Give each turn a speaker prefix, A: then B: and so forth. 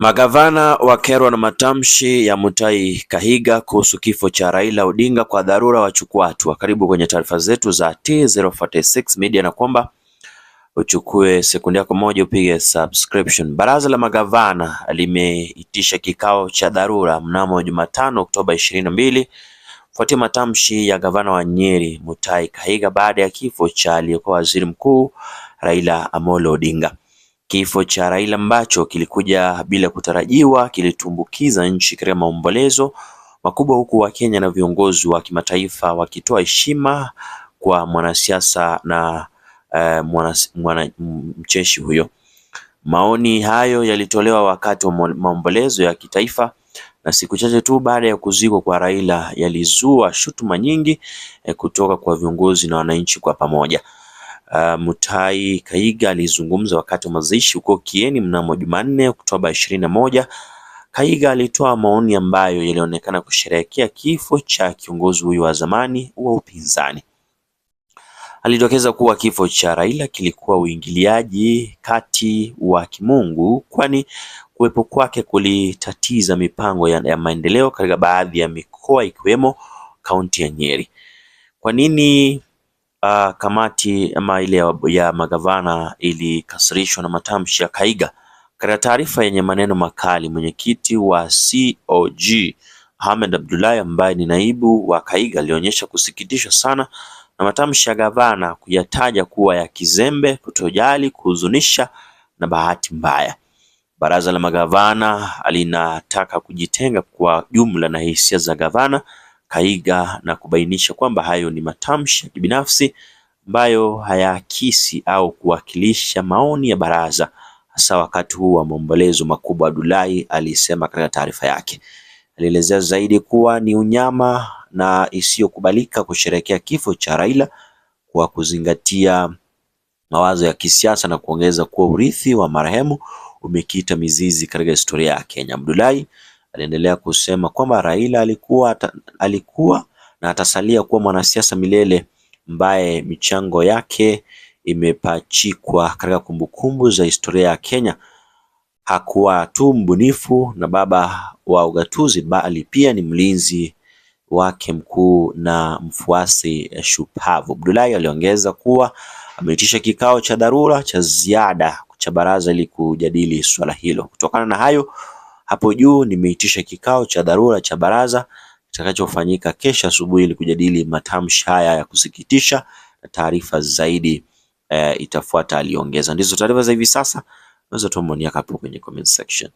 A: Magavana wakerwa na matamshi ya Mutahi Kahiga kuhusu kifo cha Raila Odinga, kwa dharura wachukua hatua. Karibu kwenye taarifa zetu za T046 Media, na kwamba uchukue sekunde yako moja upige subscription. Baraza la magavana limeitisha kikao cha dharura mnamo Jumatano Oktoba 22 kufuatia matamshi ya gavana wa Nyeri Mutahi Kahiga baada ya kifo cha aliyekuwa waziri mkuu Raila Amolo Odinga. Kifo cha Raila ambacho kilikuja bila kutarajiwa kilitumbukiza nchi katika maombolezo makubwa, huku Wakenya na viongozi wa kimataifa wakitoa heshima kwa mwanasiasa na uh, eh, mwanasi, mwana, mcheshi huyo. Maoni hayo yalitolewa wakati wa maombolezo ya kitaifa na siku chache tu baada ya kuzikwa kwa Raila yalizua shutuma nyingi eh, kutoka kwa viongozi na wananchi kwa pamoja. Uh, Mutai Kahiga alizungumza wakati wa mazishi huko Kieni mnamo Jumanne Oktoba ishirini na moja. Kahiga alitoa maoni ambayo yalionekana kusherehekea kifo cha kiongozi huyo wa zamani wa upinzani. Alidokeza kuwa kifo cha Raila kilikuwa uingiliaji kati wa kimungu, kwani kuwepo kwake kulitatiza mipango ya, ya maendeleo katika baadhi ya mikoa ikiwemo kaunti ya Nyeri. Kwa nini Uh, kamati ama ile ya magavana ilikasirishwa na matamshi ya Kaiga. Katika taarifa yenye maneno makali, mwenyekiti wa COG Ahmed Abdullahi ambaye ni naibu wa Kaiga alionyesha kusikitishwa sana na matamshi ya gavana, kuyataja kuwa ya kizembe, kutojali, kuhuzunisha na bahati mbaya. Baraza la magavana linataka kujitenga kwa jumla na hisia za gavana Kaiga na kubainisha kwamba hayo ni matamshi ya kibinafsi ambayo hayaakisi au kuwakilisha maoni ya baraza hasa wakati huu wa maombolezo makubwa, Abdullahi alisema katika taarifa yake. Alielezea zaidi kuwa ni unyama na isiyokubalika kusherehekea kifo cha Raila kwa kuzingatia mawazo ya kisiasa na kuongeza kuwa urithi wa marehemu umekita mizizi katika historia ya Kenya. Abdullahi Aliendelea kusema kwamba Raila alikuwa, alikuwa na atasalia kuwa mwanasiasa milele ambaye michango yake imepachikwa katika kumbukumbu za historia ya Kenya. Hakuwa tu mbunifu na baba wa ugatuzi, bali pia ni mlinzi wake mkuu na mfuasi shupavu. Abdullahi aliongeza kuwa ameitisha kikao cha dharura cha ziada cha baraza ili kujadili swala hilo. Kutokana na hayo hapo juu nimeitisha kikao cha dharura cha baraza kitakachofanyika kesho asubuhi ili kujadili matamshi haya ya kusikitisha, na taarifa zaidi e, itafuata, aliongeza. Ndizo taarifa za hivi sasa. Unaweza toa yako hapo kwenye comment section.